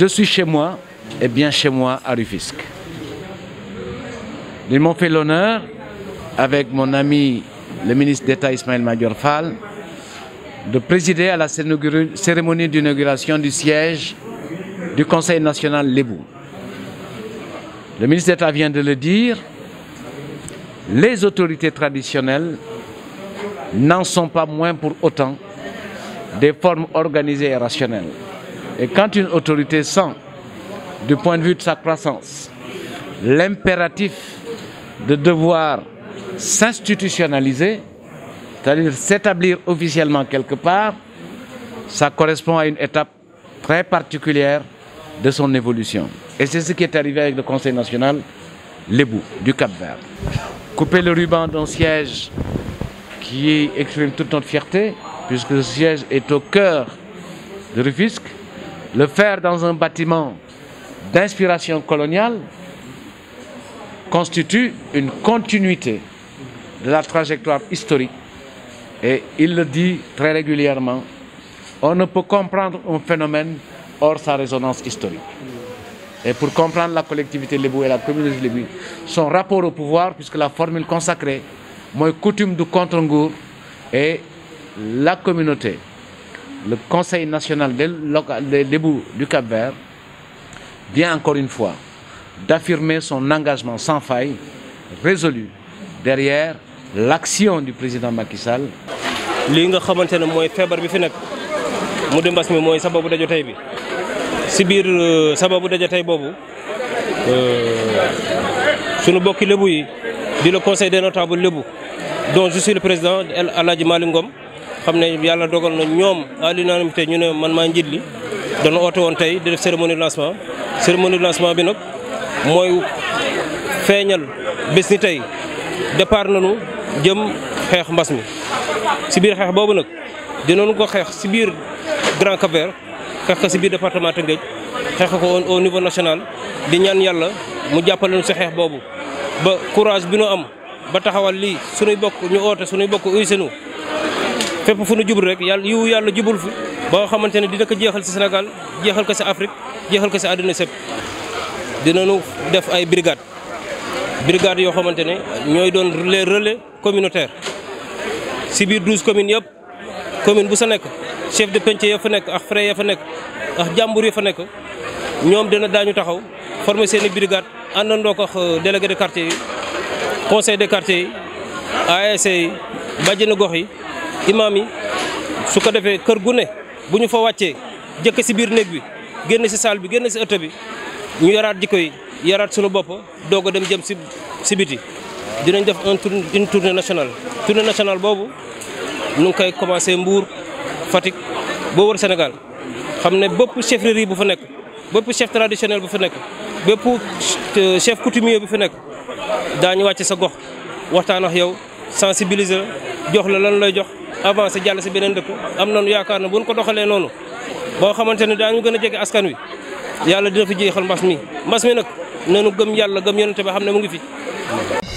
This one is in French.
Je suis chez moi, et bien chez moi à Rufisque. Ils m'ont fait l'honneur, avec mon ami le ministre d'État Ismaël Major Fall, de présider à la cérémonie d'inauguration du siège du Conseil national Lébou. Le ministre d'État vient de le dire, les autorités traditionnelles n'en sont pas moins pour autant des formes organisées et rationnelles. Et quand une autorité sent, du point de vue de sa croissance, l'impératif de devoir s'institutionnaliser, c'est-à-dire s'établir officiellement quelque part, ça correspond à une étape très particulière de son évolution. Et c'est ce qui est arrivé avec le Conseil national bouts, du Cap-Vert. Couper le ruban d'un siège qui exprime toute notre fierté, puisque ce siège est au cœur de Rufisque, le faire dans un bâtiment d'inspiration coloniale constitue une continuité de la trajectoire historique. Et il le dit très régulièrement, on ne peut comprendre un phénomène hors sa résonance historique. Et pour comprendre la collectivité Lébou et la communauté Lébou, son rapport au pouvoir, puisque la formule consacrée, moi, coutume du contre et la communauté, le Conseil national des, débuts du Cap-Vert vient encore une fois d'affirmer son engagement sans faille, résolu, derrière l'action du président Macky Sall. li nga xamante ne mooy feebar bi fi nekk mu mi si euh, sababu euh, sunu bokki yi di le conseil des notables Lebou. dont je suis le président Aladji Malungom. xam ne yàlla dogal na ñoom à l'unanimité ñu ne man maa njiit li dana oote woon tey di def cérémonie de lancement cérémonie de lancement bi nag mooy feeñal bés ni tey départ nañu jëm xeex mbas mi si biir xeex boobu nag dinañu ko xeex si biir Grand Cap-Vert xeex ko si biir département Tëngéej xeex ko au niveau national di ñaan yàlla mu jàppale nu si xeex boobu ba courage bi nu am ba taxawal lii suñuy bokk ñu oote suñuy bokk uy senu fépp fu nu jublu rek yàlla yiw yàlla jubul fi ba nga xamante ne dina ko jeexal si senegal jeexal ko si Afrique jeexal ko si àdduna sépp dinañu def ay brigade brigade yoo xamante ne ñooy doon les relais communautaire si biir douze communes yëpp commune bu sa nekk chef de penc ya fa nekk ak frère ya fa nekk ak jàmbur ya fa nekk ñoom dina daañu taxaw former seen i brigade àndandoo ko ak euh, délégué de quartier yi conseil de quartier yi ASC e yi bàjjenu gox yi imaam yi su ko defee kër gu ne bu ñu fa wàccee jëkk si biir néeg bi génn si saal bi génn si ëtt bi ñu yaraat jikko yi yaraat sunu bopp doog a dem jëm si si biti dinañ def un tour nationale tournée nationale boobu ñu ngi koy commencé Mbour Fatick boo wër Sénégal xam ne bépp chefferie bu fa nekk bëpp chef traditionnel bu fa nekk bépp euh, chef coutumier bu fa nekk daañu wàcc sa gox waxtaan ak yow sensibiliser jox la lan lay jox avancé jàll si beneen dëkk am nañu yaakaar ne buñ ko doxalee noonu boo xamante ne daañu gën a jege askan wi yàlla dina fi jeexal mbas mi mbas mi na nanu gëm yàlla gëm yonente ba xam ne mu ngi fi